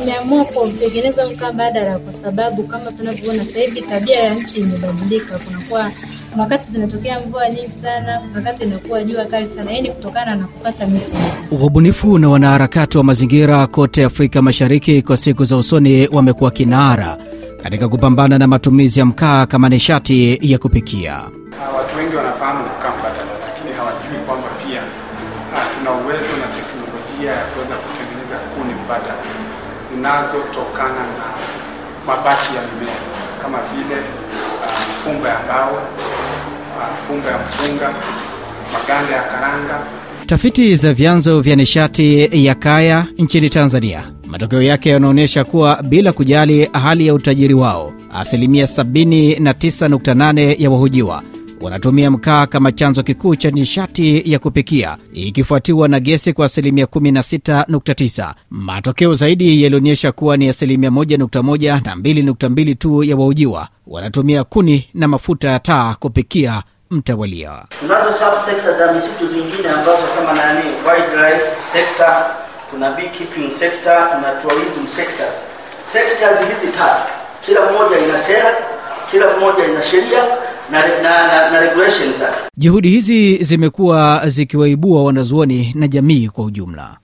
Nimeamua kutengeneza mkaa mbadala kwa sababu kama tunavyoona sasa hivi tabia ya nchi imebadilika, kunakuwa wakati zinatokea mvua nyingi sana, wakati inakuwa jua kali sana. Hii ni yaani kutokana na kukata miti. Wabunifu na wanaharakati wa mazingira kote Afrika Mashariki kwa siku za usoni wamekuwa kinara katika kupambana na matumizi ya mkaa kama nishati ya kupikia. zinazotokana na mabaki ya mimea kama vile ah, mikunga ya mbao, ah, mikunga ya mpunga, maganda ya karanga. Tafiti za vyanzo vya nishati ya kaya nchini Tanzania, matokeo yake yanaonyesha kuwa bila kujali hali ya utajiri wao, asilimia 79.8 ya wahojiwa wanatumia mkaa kama chanzo kikuu cha nishati ya kupikia ikifuatiwa na gesi kwa asilimia 16.9. Matokeo zaidi yalionyesha kuwa ni asilimia 1.1 na 2.2 tu ya waujiwa wanatumia kuni na mafuta ya taa kupikia mtawalia. Tunazo subsekta za misitu zingine ambazo kama nani, wildlife sector, tuna beekeeping sector, tuna tourism sectors. Sectors hizi tatu kila mmoja ina sera, kila mmoja ina sheria na, na, na, na regulations Juhudi hizi zimekuwa zikiwaibua wanazuoni na jamii kwa ujumla.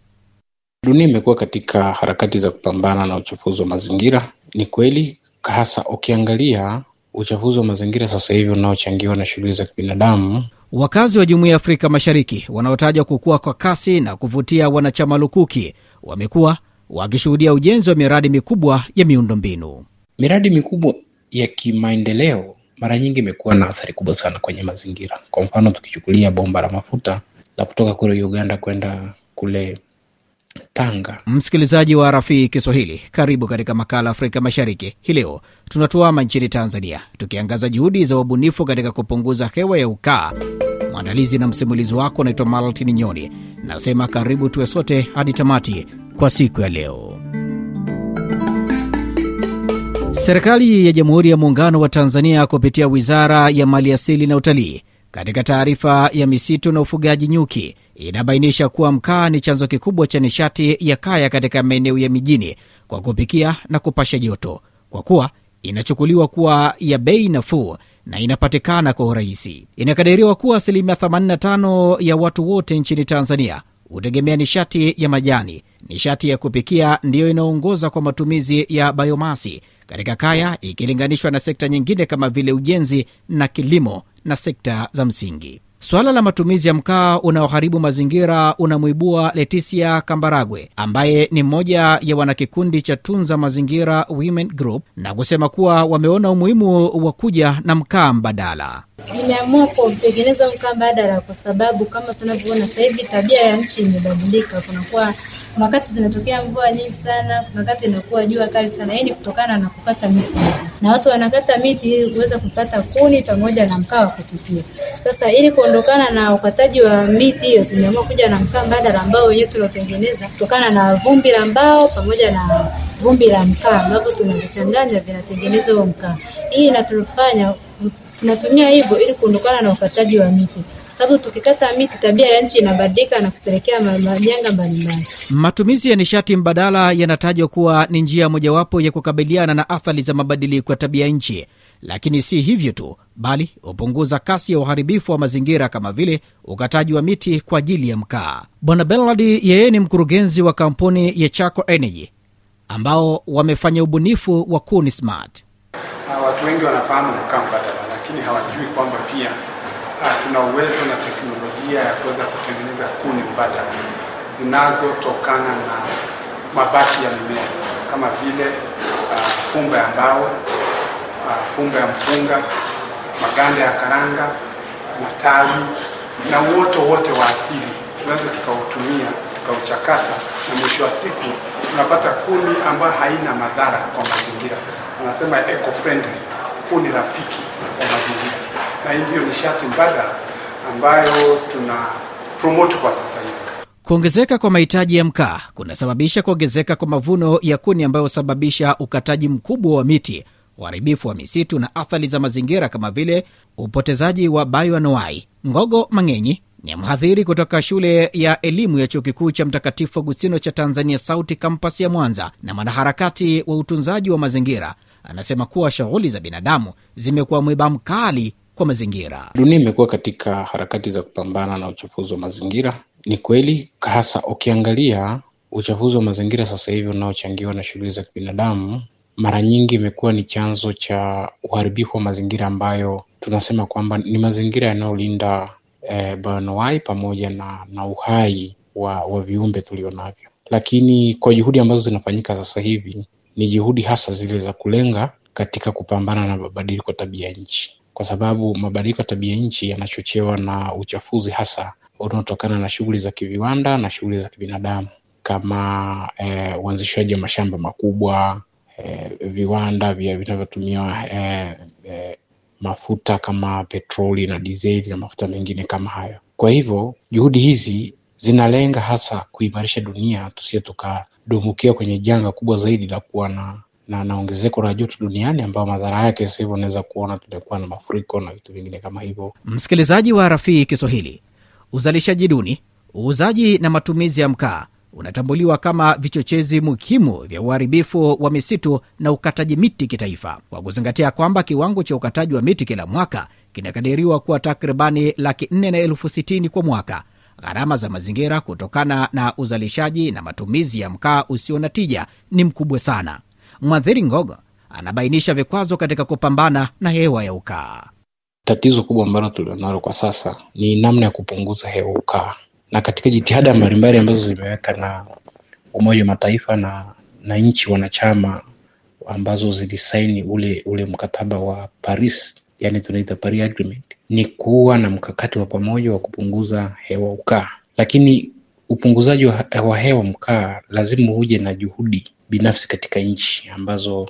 Dunia imekuwa katika harakati za kupambana na uchafuzi wa mazingira. Ni kweli hasa ukiangalia uchafuzi wa mazingira sasa hivi unaochangiwa na shughuli za kibinadamu. Wakazi wa Jumuiya ya Afrika Mashariki wanaotajwa kukua kwa kasi na kuvutia wanachama lukuki wamekuwa wakishuhudia ujenzi wa miradi mikubwa ya miundombinu. Miradi mikubwa ya kimaendeleo mara nyingi imekuwa na athari kubwa sana kwenye mazingira. Kwa mfano tukichukulia bomba la mafuta la kutoka kule Uganda kwenda kule Tanga. Msikilizaji wa Rafii Kiswahili, karibu katika makala Afrika Mashariki. Hii leo tunatuama nchini Tanzania, tukiangaza juhudi za wabunifu katika kupunguza hewa ya ukaa. Mwandalizi na msimulizi wako unaitwa Maltini Nyoni, nasema karibu tuwe sote hadi tamati kwa siku ya leo. Serikali ya Jamhuri ya Muungano wa Tanzania kupitia Wizara ya Maliasili na Utalii katika taarifa ya misitu na ufugaji nyuki inabainisha kuwa mkaa ni chanzo kikubwa cha nishati ya kaya katika maeneo ya mijini kwa kupikia na kupasha joto, kwa kuwa inachukuliwa kuwa ya bei nafuu na inapatikana kwa urahisi. Inakadiriwa kuwa asilimia 85 ya watu wote nchini Tanzania hutegemea nishati ya majani. Nishati ya kupikia ndiyo inaongoza kwa matumizi ya bayomasi katika kaya ikilinganishwa na sekta nyingine kama vile ujenzi na kilimo na sekta za msingi. Suala la matumizi ya mkaa unaoharibu mazingira unamwibua Leticia Kambaragwe ambaye ni mmoja ya wanakikundi cha Tunza Mazingira Women Group na kusema kuwa wameona umuhimu wa kuja na mkaa mbadala. Nimeamua kutengeneza mkaa mbadala kwa sababu kama tunavyoona sasa hivi tabia ya nchi imebadilika. Kunakuwa kuna wakati zinatokea mvua nyingi sana, kuna wakati inakuwa jua kali sana. Hii ni yaani kutokana na kukata miti, na watu wanakata miti ili kuweza kupata kuni pamoja na mkaa wa kupikia. Sasa ili kuondokana na ukataji wa miti hiyo, tumeamua kuja na mkaa mbadala ambao wenyewe tunaotengeneza kutokana na vumbi la mbao pamoja na vumbi la mkaa ambavyo tunavichanganya vinatengeneza huo mkaa. Hii inatufanya tunatumia hivyo ili kuondokana na ukataji wa miti, sababu tukikata miti tabia ya nchi inabadilika na kupelekea majanga mbalimbali. Matumizi ya nishati mbadala yanatajwa kuwa ni njia mojawapo ya kukabiliana na athari za mabadiliko ya tabia nchi lakini si hivyo tu, bali hupunguza kasi ya uharibifu wa mazingira kama vile ukataji wa miti kwa ajili ya mkaa. Bwana Bernard yeye ni mkurugenzi wa kampuni ya chaco Energy ambao wamefanya ubunifu wa kuni smart. Ah, watu wengi wanafahamu mkaa mbadala, lakini hawajui kwamba pia ah, tuna uwezo na teknolojia ya kuweza kutengeneza kuni mbadala zinazotokana na mabati ya mimea kama vile kumba ah, pumba ya mbao pumba ya mpunga, maganda ya karanga, matawi na uoto wote wa asili tunaweza tukautumia tukauchakata, na mwisho wa siku tunapata kuni ambayo haina madhara kwa mazingira. Anasema eco friendly, kuni rafiki kwa mazingira, na hii ndiyo nishati mbadala ambayo tuna promote kwa sasa hivi. Kuongezeka kwa mahitaji ya mkaa kunasababisha kuongezeka kwa mavuno ya kuni ambayo husababisha ukataji mkubwa wa miti uharibifu wa misitu na athari za mazingira kama vile upotezaji wa bayoanuai. Ngogo Mang'enyi ni mhadhiri kutoka shule ya elimu ya chuo kikuu cha Mtakatifu Agustino cha Tanzania Sauti kampas ya Mwanza na mwanaharakati wa utunzaji wa mazingira, anasema kuwa shughuli za binadamu zimekuwa mwiba mkali kwa mazingira. Dunia imekuwa katika harakati za kupambana na uchafuzi wa mazingira. Ni kweli hasa ukiangalia uchafuzi wa mazingira sasa hivi unaochangiwa na shughuli za kibinadamu mara nyingi imekuwa ni chanzo cha uharibifu wa mazingira ambayo tunasema kwamba ni mazingira yanayolinda eh, bayoanuwai pamoja na, na uhai wa, wa viumbe tulionavyo. Lakini kwa juhudi ambazo zinafanyika sasa hivi ni juhudi hasa zile za kulenga katika kupambana na mabadiliko ya tabia nchi, kwa sababu mabadiliko ya tabia nchi yanachochewa na uchafuzi hasa unaotokana na shughuli za kiviwanda na shughuli za kibinadamu kama eh, uanzishaji wa mashamba makubwa eh, viwanda vya vinavyotumia eh, eh, mafuta kama petroli na dizeli na mafuta mengine kama hayo. Kwa hivyo juhudi hizi zinalenga hasa kuimarisha dunia tusiye tukadumukia kwenye janga kubwa zaidi la kuwa na na na ongezeko la joto duniani ambayo madhara yake sasa hivi unaweza kuona tumekuwa na mafuriko na vitu vingine kama hivyo. Msikilizaji wa Rafii Kiswahili, uzalishaji duni, uuzaji na matumizi ya mkaa unatambuliwa kama vichochezi muhimu vya uharibifu wa misitu na ukataji miti kitaifa, kwa kuzingatia kwamba kiwango cha ukataji wa miti kila mwaka kinakadiriwa kuwa takribani laki nne na elfu sitini kwa mwaka. Gharama za mazingira kutokana na uzalishaji na matumizi ya mkaa usio na tija ni mkubwa sana. Mwadhiri Ngogo anabainisha vikwazo katika kupambana na hewa ya ukaa. Tatizo kubwa ambalo tulionalo kwa sasa ni namna ya kupunguza hewa ukaa na katika jitihada mbalimbali ambazo zimeweka na Umoja wa Mataifa na, na nchi wanachama ambazo zilisaini ule ule mkataba wa Paris, yani tunaita Paris Agreement, ni kuwa na mkakati wa pamoja wa kupunguza hewa ukaa. Lakini upunguzaji wa hewa mkaa lazima uje na juhudi binafsi katika nchi ambazo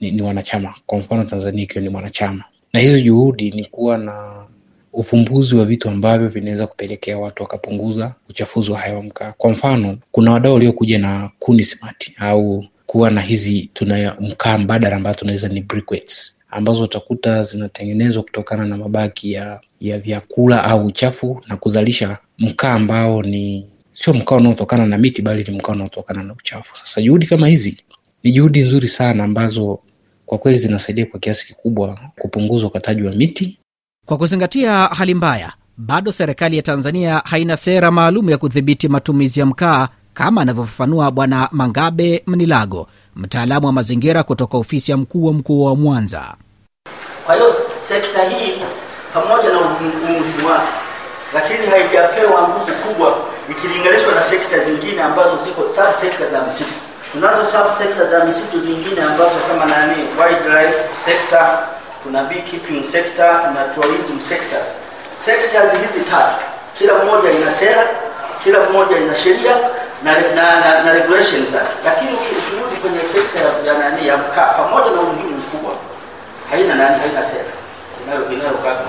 ni, ni wanachama, kwa mfano Tanzania ikiwa ni mwanachama, na hizo juhudi ni kuwa na ufumbuzi wa vitu ambavyo vinaweza kupelekea watu wakapunguza uchafuzi wa hewa mkaa. Kwa mfano, kuna wadau waliokuja na kuni smart au kuwa na hizi tuna mkaa mbadala ambayo tunaweza ni briquettes ambazo utakuta zinatengenezwa kutokana na mabaki ya ya vyakula au uchafu na kuzalisha mkaa ambao ni sio mkaa unaotokana na miti bali ni mkaa unaotokana na uchafu. Sasa juhudi kama hizi ni juhudi nzuri sana ambazo kwa kweli zinasaidia kwa kiasi kikubwa kupunguza ukataji wa miti kwa kuzingatia hali mbaya, bado serikali ya Tanzania haina sera maalum ya kudhibiti matumizi ya mkaa kama anavyofafanua Bwana Mangabe Mnilago, mtaalamu wa mazingira kutoka ofisi ya mkuu wa mkoa wa Mwanza. Kwa hiyo sekta hii pamoja na um-, umuhimu wake, lakini haijapewa nguvu kubwa ikilinganishwa na sekta zingine ambazo ziko sub sekta za misitu. Tunazo sub sekta za misitu zingine ambazo kama nani, wildlife tuna beekeeping sector, tuna tourism sectors. Sectors hizi tatu kila mmoja ina sera, kila mmoja ina sheria na, na, na, na regulations zake, lakini ukirudi kwenye sekta ya nani ya mkaa, pamoja na umuhimu mkubwa, haina nani, haina sera inayokaa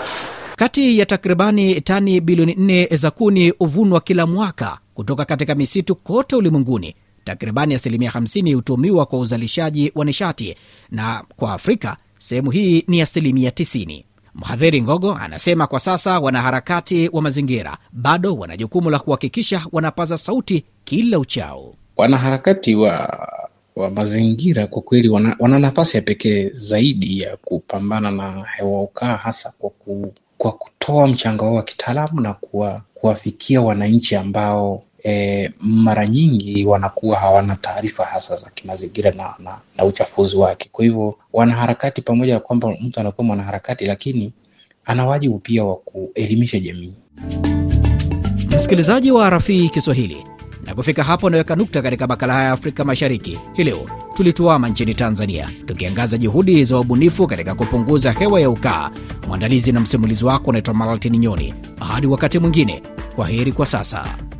kati ya takribani tani bilioni nne za kuni huvunwa kila mwaka kutoka katika misitu kote ulimwenguni. Takribani asilimia 50 hutumiwa kwa uzalishaji wa nishati na kwa Afrika sehemu hii ni asilimia 90. Mhadhiri Ngogo anasema kwa sasa wanaharakati wa mazingira bado wana jukumu la kuhakikisha wanapaza sauti kila uchao. Wanaharakati wa wa mazingira kwa kweli wana, wana nafasi ya pekee zaidi ya kupambana na hewa ukaa, hasa kwa, ku, kwa kutoa mchango wao wa kitaalamu na kuwa, kuwafikia wananchi ambao e, mara nyingi wanakuwa hawana taarifa hasa za kimazingira na, na, na uchafuzi wake. Kwa hivyo wanaharakati, pamoja na kwamba mtu anakuwa mwanaharakati, lakini ana wajibu pia wa kuelimisha jamii. Msikilizaji wa Rafii Kiswahili, na kufika hapo naweka nukta katika makala haya ya Afrika Mashariki hii leo. Tulituama nchini Tanzania tukiangaza juhudi za wabunifu katika kupunguza hewa ya ukaa. Mwandalizi na msimulizi wako unaitwa Malatini Nyoni. Hadi wakati mwingine, kwa heri kwa sasa.